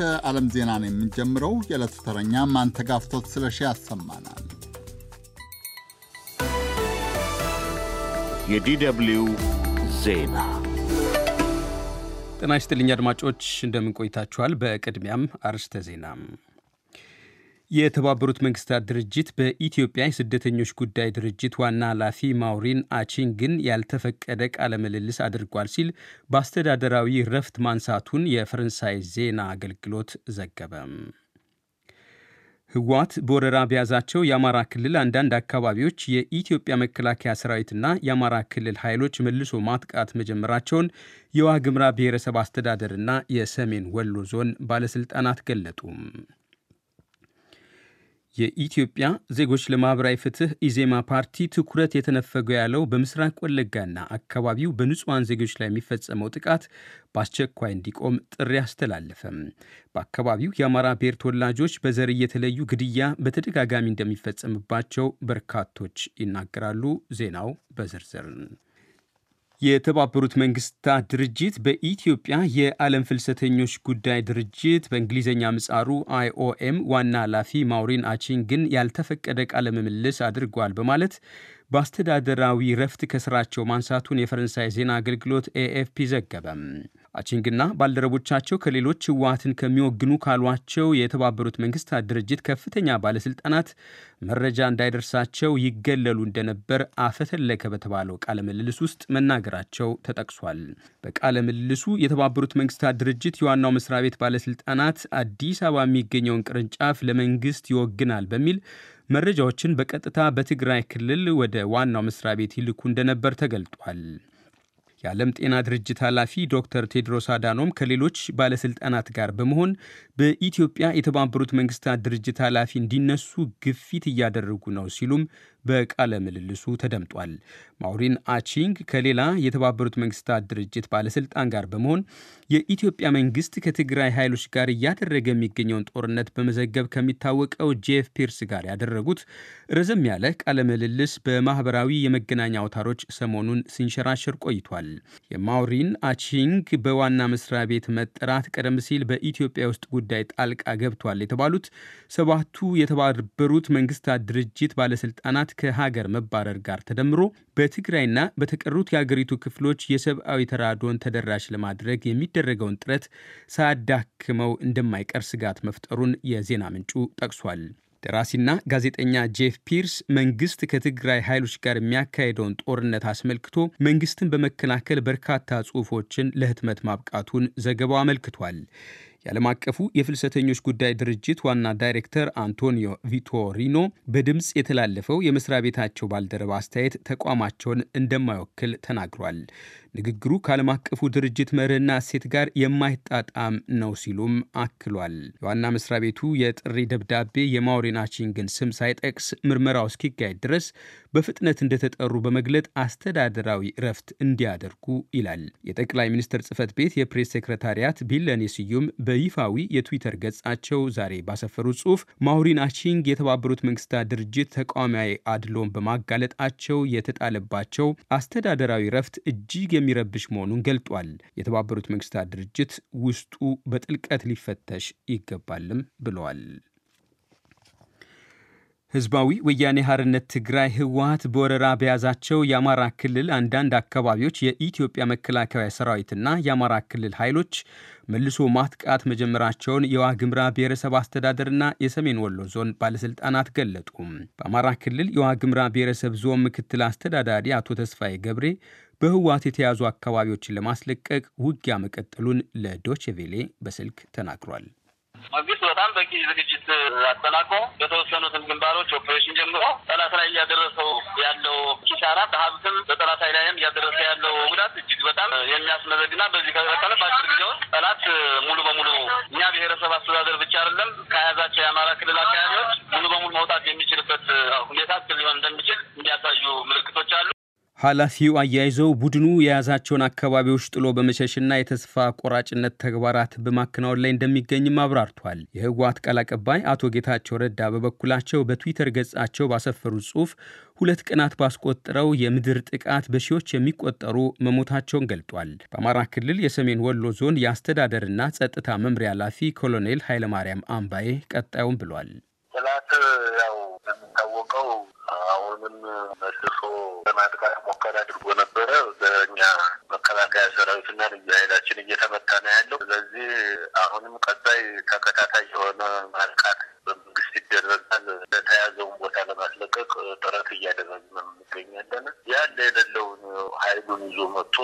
ከዓለም ዜና ነው የምንጀምረው። የዕለቱ ተረኛ ማንተጋፍቶት ስለሺ ያሰማናል። የዲደብልዩ ዜና ጤና ይስጥልኝ አድማጮች፣ እንደምን ቆይታችኋል? በቅድሚያም አርዕስተ ዜና የተባበሩት መንግስታት ድርጅት በኢትዮጵያ የስደተኞች ጉዳይ ድርጅት ዋና ኃላፊ ማውሪን አቺን ግን ያልተፈቀደ ቃለ ምልልስ አድርጓል ሲል በአስተዳደራዊ ረፍት ማንሳቱን የፈረንሳይ ዜና አገልግሎት ዘገበ። ህወሓት በወረራ በያዛቸው የአማራ ክልል አንዳንድ አካባቢዎች የኢትዮጵያ መከላከያ ሰራዊትና የአማራ ክልል ኃይሎች መልሶ ማጥቃት መጀመራቸውን የዋግምራ ብሔረሰብ አስተዳደርና የሰሜን ወሎ ዞን ባለሥልጣናት ገለጡ። የኢትዮጵያ ዜጎች ለማኅበራዊ ፍትህ ኢዜማ ፓርቲ ትኩረት የተነፈገው ያለው በምስራቅ ወለጋና አካባቢው በንጹሐን ዜጎች ላይ የሚፈጸመው ጥቃት በአስቸኳይ እንዲቆም ጥሪ አስተላለፈም። በአካባቢው የአማራ ብሔር ተወላጆች በዘር እየተለዩ ግድያ በተደጋጋሚ እንደሚፈጸምባቸው በርካቶች ይናገራሉ። ዜናው በዝርዝር የተባበሩት መንግስታት ድርጅት በኢትዮጵያ የዓለም ፍልሰተኞች ጉዳይ ድርጅት በእንግሊዝኛ ምጻሩ አይኦኤም ዋና ኃላፊ ማውሪን አቺን ግን ያልተፈቀደ ቃለ ምልልስ አድርጓል በማለት በአስተዳደራዊ ረፍት ከስራቸው ማንሳቱን የፈረንሳይ ዜና አገልግሎት ኤኤፍፒ ዘገበም። አቺንግና ባልደረቦቻቸው ከሌሎች ህወሓትን ከሚወግኑ ካሏቸው የተባበሩት መንግስታት ድርጅት ከፍተኛ ባለስልጣናት መረጃ እንዳይደርሳቸው ይገለሉ እንደነበር አፈተለከ በተባለው ቃለ ምልልስ ውስጥ መናገራቸው ተጠቅሷል። በቃለ ምልልሱ የተባበሩት መንግስታት ድርጅት የዋናው መስሪያ ቤት ባለስልጣናት አዲስ አበባ የሚገኘውን ቅርንጫፍ ለመንግስት ይወግናል በሚል መረጃዎችን በቀጥታ በትግራይ ክልል ወደ ዋናው መስሪያ ቤት ይልኩ እንደነበር ተገልጧል። የዓለም ጤና ድርጅት ኃላፊ ዶክተር ቴድሮስ አዳኖም ከሌሎች ባለስልጣናት ጋር በመሆን በኢትዮጵያ የተባበሩት መንግስታት ድርጅት ኃላፊ እንዲነሱ ግፊት እያደረጉ ነው ሲሉም በቃለ ምልልሱ ተደምጧል። ማውሪን አቺንግ ከሌላ የተባበሩት መንግስታት ድርጅት ባለስልጣን ጋር በመሆን የኢትዮጵያ መንግስት ከትግራይ ኃይሎች ጋር እያደረገ የሚገኘውን ጦርነት በመዘገብ ከሚታወቀው ጄፍ ፒርስ ጋር ያደረጉት ረዘም ያለ ቃለ ምልልስ በማህበራዊ የመገናኛ አውታሮች ሰሞኑን ሲንሸራሸር ቆይቷል። የማውሪን አቺንግ በዋና መስሪያ ቤት መጠራት ቀደም ሲል በኢትዮጵያ ውስጥ ጉዳይ ጣልቃ ገብቷል የተባሉት ሰባቱ የተባበሩት መንግስታት ድርጅት ባለስልጣናት ከሀገር መባረር ጋር ተደምሮ በትግራይና በተቀሩት የአገሪቱ ክፍሎች የሰብአዊ ተራድኦን ተደራሽ ለማድረግ የሚደረገውን ጥረት ሳያዳክመው እንደማይቀር ስጋት መፍጠሩን የዜና ምንጩ ጠቅሷል። ደራሲና ጋዜጠኛ ጄፍ ፒርስ መንግስት ከትግራይ ኃይሎች ጋር የሚያካሄደውን ጦርነት አስመልክቶ መንግስትን በመከላከል በርካታ ጽሑፎችን ለህትመት ማብቃቱን ዘገባው አመልክቷል። የዓለም አቀፉ የፍልሰተኞች ጉዳይ ድርጅት ዋና ዳይሬክተር አንቶኒዮ ቪቶሪኖ በድምፅ የተላለፈው የመስሪያ ቤታቸው ባልደረባ አስተያየት ተቋማቸውን እንደማይወክል ተናግሯል። ንግግሩ ከዓለም አቀፉ ድርጅት መርህና እሴት ጋር የማይጣጣም ነው ሲሉም አክሏል። የዋና መስሪያ ቤቱ የጥሪ ደብዳቤ የማውሪናቺንግን ስም ሳይጠቅስ ምርመራው እስኪካሄድ ድረስ በፍጥነት እንደተጠሩ በመግለጥ አስተዳደራዊ እረፍት እንዲያደርጉ ይላል። የጠቅላይ ሚኒስትር ጽህፈት ቤት የፕሬስ ሴክረታሪያት ቢለኔ ስዩም በይፋዊ የትዊተር ገጻቸው ዛሬ ባሰፈሩ ጽሁፍ ማሁሪን አቺንግ የተባበሩት መንግስታት ድርጅት ተቃዋሚያዊ አድሎን በማጋለጣቸው የተጣለባቸው አስተዳደራዊ እረፍት እጅግ የሚረብሽ መሆኑን ገልጧል። የተባበሩት መንግስታት ድርጅት ውስጡ በጥልቀት ሊፈተሽ ይገባልም ብለዋል። ህዝባዊ ወያኔ ሐርነት ትግራይ ህወሀት በወረራ በያዛቸው የአማራ ክልል አንዳንድ አካባቢዎች የኢትዮጵያ መከላከያ ሰራዊትና የአማራ ክልል ኃይሎች መልሶ ማጥቃት መጀመራቸውን የዋግምራ ብሔረሰብ አስተዳደርና የሰሜን ወሎ ዞን ባለስልጣናት ገለጡ። በአማራ ክልል የዋግምራ ብሔረሰብ ዞን ምክትል አስተዳዳሪ አቶ ተስፋዬ ገብሬ በህወሀት የተያዙ አካባቢዎችን ለማስለቀቅ ውጊያ መቀጠሉን ለዶቼ ቬሌ በስልክ ተናግሯል። መንግስት በጣም በቂ ዝግጅት አጠናቆ በተወሰኑትም ግንባሮች ኦፕሬሽን ጀምሮ ጠላት ላይ እያደረሰው ያለው ኪሳራ በሀብትም በጠላት ኃይል ላይም እያደረሰ ያለው ጉዳት እጅግ በጣም የሚያስመዘግና በዚህ ከቀጠለ በአጭር ጊዜ ውስጥ ጠላት ሙሉ በሙሉ እኛ ብሔረሰብ አስተዳደር ብቻ አይደለም ከያዛቸው የአማራ ክልል አካባቢዎች ሙሉ በሙሉ መውጣት የሚችልበት ሁኔታ ሊሆን እንደሚ ኃላፊው አያይዘው ቡድኑ የያዛቸውን አካባቢዎች ጥሎ በመሸሽና የተስፋ ቆራጭነት ተግባራት በማከናወን ላይ እንደሚገኝም አብራርቷል። የህወሓት ቃል አቀባይ አቶ ጌታቸው ረዳ በበኩላቸው በትዊተር ገጻቸው ባሰፈሩት ጽሑፍ ሁለት ቀናት ባስቆጠረው የምድር ጥቃት በሺዎች የሚቆጠሩ መሞታቸውን ገልጧል። በአማራ ክልል የሰሜን ወሎ ዞን የአስተዳደርና ጸጥታ መምሪያ ኃላፊ ኮሎኔል ኃይለማርያም አምባዬ ቀጣዩም ብሏል። ጥላት ያው የሚታወቀው አሁንም መልሶ ለማጥቃት ሞከራ አድርጎ ነበረ። በእኛ መከላከያ ሰራዊትና ልዩ ኃይላችን እየተመታ ነው ያለው። ስለዚህ አሁንም ቀጣይ ተከታታይ የሆነ ማጥቃት በመንግስት ይደረጋል። ለተያዘውን ቦታ ለማስለቀቅ ጥረት እያደረግን እንገኛለን። ያለ የሌለውን ኃይሉን ይዞ መጥቶ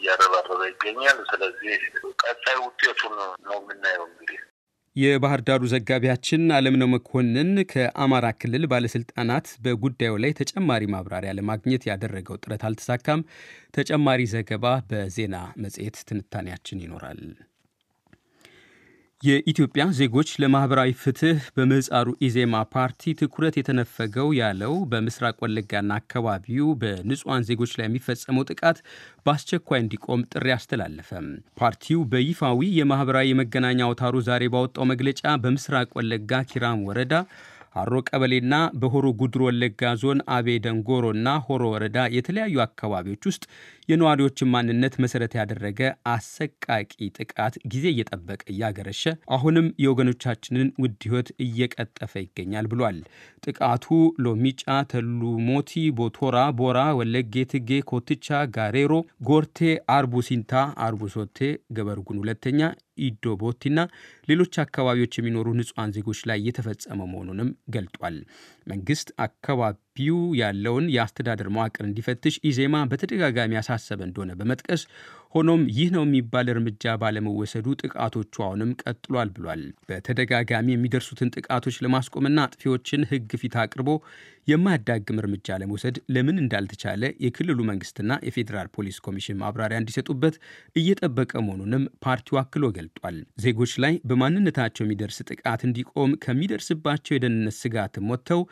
እያረባረበ ይገኛል። ስለዚህ ቀጣይ ውጤቱን ነው የምናየው እንግዲህ የባህር ዳሩ ዘጋቢያችን አለምነው መኮንን ከአማራ ክልል ባለስልጣናት በጉዳዩ ላይ ተጨማሪ ማብራሪያ ለማግኘት ያደረገው ጥረት አልተሳካም። ተጨማሪ ዘገባ በዜና መጽሔት ትንታኔያችን ይኖራል። የኢትዮጵያ ዜጎች ለማህበራዊ ፍትህ በምህጻሩ ኢዜማ ፓርቲ ትኩረት የተነፈገው ያለው በምስራቅ ወለጋና አካባቢው በንጹሐን ዜጎች ላይ የሚፈጸመው ጥቃት በአስቸኳይ እንዲቆም ጥሪ አስተላለፈ። ፓርቲው በይፋዊ የማህበራዊ የመገናኛ አውታሩ ዛሬ ባወጣው መግለጫ በምስራቅ ወለጋ ኪራም ወረዳ አሮ ቀበሌና በሆሮ ጉድሮ ወለጋ ዞን አቤ ደንጎሮና ሆሮ ወረዳ የተለያዩ አካባቢዎች ውስጥ የነዋሪዎችን ማንነት መሰረት ያደረገ አሰቃቂ ጥቃት ጊዜ እየጠበቀ እያገረሸ አሁንም የወገኖቻችንን ውድ ሕይወት እየቀጠፈ ይገኛል ብሏል። ጥቃቱ ሎሚጫ፣ ተሉሞቲ፣ ቦቶራ፣ ቦራ፣ ወለጌ፣ ትጌ፣ ኮትቻ፣ ጋሬሮ፣ ጎርቴ፣ አርቡ ሲንታ፣ አርቡ ሶቴ፣ ገበርጉን ሁለተኛ ኢዶቦቲና ሌሎች አካባቢዎች የሚኖሩ ንጹሐን ዜጎች ላይ የተፈጸመ መሆኑንም ገልጧል። መንግስት አካባቢው ያለውን የአስተዳደር መዋቅር እንዲፈትሽ ኢዜማ በተደጋጋሚ የታሰበ እንደሆነ በመጥቀስ ሆኖም ይህ ነው የሚባል እርምጃ ባለመወሰዱ ጥቃቶቹ አሁንም ቀጥሏል ብሏል። በተደጋጋሚ የሚደርሱትን ጥቃቶች ለማስቆምና አጥፊዎችን ሕግ ፊት አቅርቦ የማያዳግም እርምጃ ለመውሰድ ለምን እንዳልተቻለ የክልሉ መንግስትና የፌዴራል ፖሊስ ኮሚሽን ማብራሪያ እንዲሰጡበት እየጠበቀ መሆኑንም ፓርቲው አክሎ ገልጧል። ዜጎች ላይ በማንነታቸው የሚደርስ ጥቃት እንዲቆም ከሚደርስባቸው የደህንነት ስጋትም ወጥተው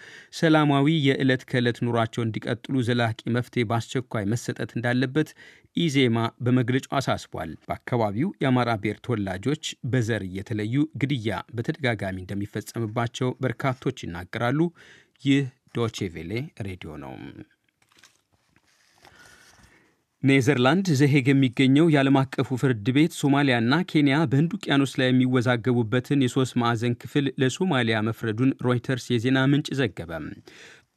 ሰላማዊ የዕለት ከዕለት ኑሯቸው እንዲቀጥሉ ዘላቂ መፍትሄ በአስቸኳይ መሰጠት እንዳለበት እንዳለበት ኢዜማ በመግለጫው አሳስቧል። በአካባቢው የአማራ ብሔር ተወላጆች በዘር እየተለዩ ግድያ በተደጋጋሚ እንደሚፈጸምባቸው በርካቶች ይናገራሉ። ይህ ዶቼቬሌ ሬዲዮ ነው። ኔዘርላንድ ዘሄግ የሚገኘው የዓለም አቀፉ ፍርድ ቤት ሶማሊያና ኬንያ በህንድ ውቅያኖስ ላይ የሚወዛገቡበትን የሶስት ማዕዘን ክፍል ለሶማሊያ መፍረዱን ሮይተርስ የዜና ምንጭ ዘገበ።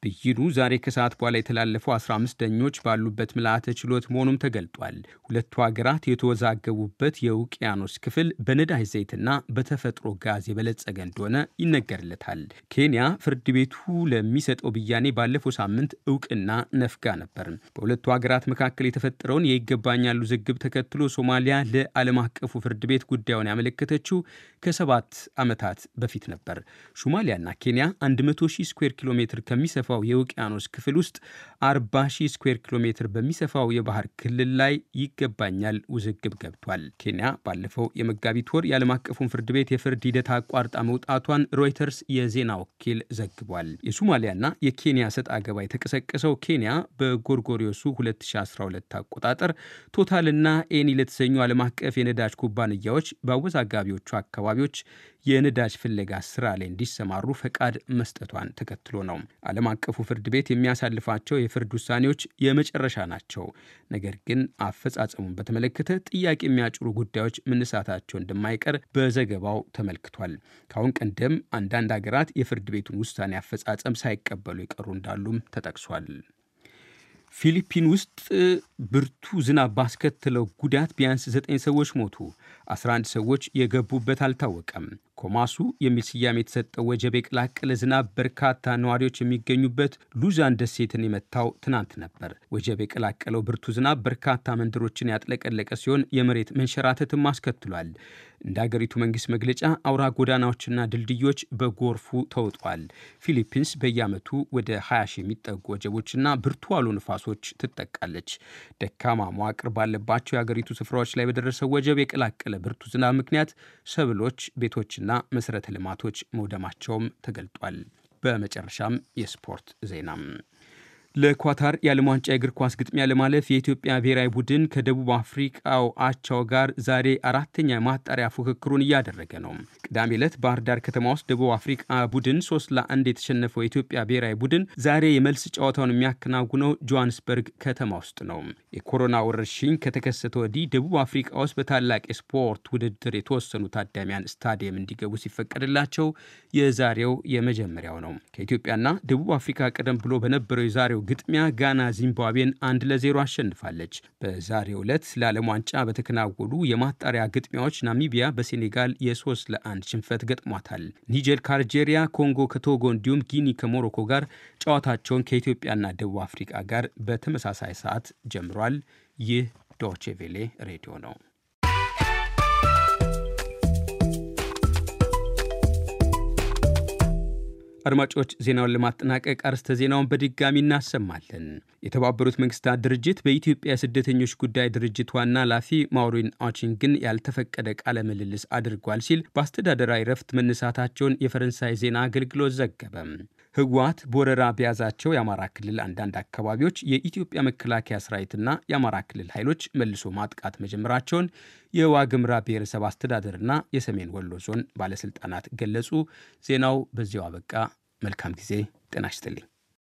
ብይኑ ዛሬ ከሰዓት በኋላ የተላለፈው 15 ዳኞች ባሉበት ምልአተ ችሎት መሆኑም ተገልጧል። ሁለቱ ሀገራት የተወዛገቡበት የውቅያኖስ ክፍል በነዳጅ ዘይትና በተፈጥሮ ጋዝ የበለጸገ እንደሆነ ይነገርለታል። ኬንያ ፍርድ ቤቱ ለሚሰጠው ብያኔ ባለፈው ሳምንት እውቅና ነፍጋ ነበር። በሁለቱ ሀገራት መካከል የተፈጠረውን የይገባኛሉ ዝግብ ተከትሎ ሶማሊያ ለዓለም አቀፉ ፍርድ ቤት ጉዳዩን ያመለከተችው ከሰባት ዓመታት በፊት ነበር። ሶማሊያና ኬንያ 100 ሺህ ስኩዌር ኪሎ ሜትር ከሚሰፋ በሚሰፋው የውቅያኖስ ክፍል ውስጥ 40 ሺህ ስኩዌር ኪሎ ሜትር በሚሰፋው የባህር ክልል ላይ ይገባኛል ውዝግብ ገብቷል። ኬንያ ባለፈው የመጋቢት ወር የዓለም አቀፉን ፍርድ ቤት የፍርድ ሂደት አቋርጣ መውጣቷን ሮይተርስ የዜና ወኪል ዘግቧል። የሶማሊያና የኬንያ ሰጥ አገባ የተቀሰቀሰው ኬንያ በጎርጎሪዮሱ 2012 አቆጣጠር ቶታልና ኤኒ ለተሰኙ ዓለም አቀፍ የነዳጅ ኩባንያዎች በአወዛጋቢዎቹ አካባቢዎች የነዳጅ ፍለጋ ስራ ላይ እንዲሰማሩ ፈቃድ መስጠቷን ተከትሎ ነው። ዓለም አቀፉ ፍርድ ቤት የሚያሳልፋቸው የፍርድ ውሳኔዎች የመጨረሻ ናቸው። ነገር ግን አፈጻጸሙን በተመለከተ ጥያቄ የሚያጭሩ ጉዳዮች መነሳታቸው እንደማይቀር በዘገባው ተመልክቷል። ከአሁን ቀደም አንዳንድ ሀገራት የፍርድ ቤቱን ውሳኔ አፈጻጸም ሳይቀበሉ የቀሩ እንዳሉም ተጠቅሷል። ፊሊፒን ውስጥ ብርቱ ዝናብ ባስከተለው ጉዳት ቢያንስ ዘጠኝ ሰዎች ሞቱ። 11 ሰዎች የገቡበት አልታወቀም። ኮማሱ የሚል ስያሜ የተሰጠው ወጀብ የቀላቀለ ዝናብ በርካታ ነዋሪዎች የሚገኙበት ሉዛን ደሴትን የመታው ትናንት ነበር። ወጀብ የቀላቀለው ብርቱ ዝናብ በርካታ መንደሮችን ያጥለቀለቀ ሲሆን የመሬት መንሸራተትም አስከትሏል። እንደ አገሪቱ መንግስት መግለጫ አውራ ጎዳናዎችና ድልድዮች በጎርፉ ተውጧል። ፊሊፒንስ በየዓመቱ ወደ 20 ሺህ የሚጠጉ ወጀቦችና ብርቱ አውሎ ንፋሶች ትጠቃለች። ደካማ መዋቅር ባለባቸው የአገሪቱ ስፍራዎች ላይ በደረሰው ወጀብ የቀላቀለ ብርቱ ዝናብ ምክንያት ሰብሎች፣ ቤቶችና መሠረተ ልማቶች መውደማቸውም ተገልጧል። በመጨረሻም የስፖርት ዜናም ለኳታር የዓለም ዋንጫ የእግር ኳስ ግጥሚያ ለማለፍ የኢትዮጵያ ብሔራዊ ቡድን ከደቡብ አፍሪቃው አቻው ጋር ዛሬ አራተኛ ማጣሪያ ፉክክሩን እያደረገ ነው። ቅዳሜ ዕለት ባህር ዳር ከተማ ውስጥ ደቡብ አፍሪካ ቡድን ሶስት ለአንድ የተሸነፈው የኢትዮጵያ ብሔራዊ ቡድን ዛሬ የመልስ ጨዋታውን የሚያከናውነው ጆሃንስበርግ ከተማ ውስጥ ነው። የኮሮና ወረርሽኝ ከተከሰተ ወዲህ ደቡብ አፍሪካ ውስጥ በታላቅ የስፖርት ውድድር የተወሰኑ ታዳሚያን ስታዲየም እንዲገቡ ሲፈቀድላቸው የዛሬው የመጀመሪያው ነው። ከኢትዮጵያና ደቡብ አፍሪካ ቀደም ብሎ በነበረው የዛሬው ግጥሚያ ጋና ዚምባብዌን አንድ ለዜሮ አሸንፋለች። በዛሬው ዕለት ለዓለም ዋንጫ በተከናወኑ የማጣሪያ ግጥሚያዎች ናሚቢያ በሴኔጋል የሶስት ለአንድ አንድ ሽንፈት ገጥሟታል። ኒጀር ከአልጄሪያ፣ ኮንጎ ከቶጎ እንዲሁም ጊኒ ከሞሮኮ ጋር ጨዋታቸውን ከኢትዮጵያና ደቡብ አፍሪካ ጋር በተመሳሳይ ሰዓት ጀምሯል። ይህ ዶቼ ቬሌ ሬዲዮ ነው። አድማጮች ዜናውን ለማጠናቀቅ አርስተ ዜናውን በድጋሚ እናሰማለን። የተባበሩት መንግስታት ድርጅት በኢትዮጵያ ስደተኞች ጉዳይ ድርጅት ዋና ኃላፊ ማውሪን ኦቺንግን ያልተፈቀደ ቃለ ምልልስ አድርጓል ሲል በአስተዳደራዊ ረፍት መነሳታቸውን የፈረንሳይ ዜና አገልግሎት ዘገበ። ህወሓት በወረራ በያዛቸው የአማራ ክልል አንዳንድ አካባቢዎች የኢትዮጵያ መከላከያ ሰራዊትና የአማራ ክልል ኃይሎች መልሶ ማጥቃት መጀመራቸውን የዋግምራ ብሔረሰብ አስተዳደርና የሰሜን ወሎ ዞን ባለስልጣናት ገለጹ። ዜናው በዚያው አበቃ። መልካም ጊዜ። ጤና ይስጥልኝ።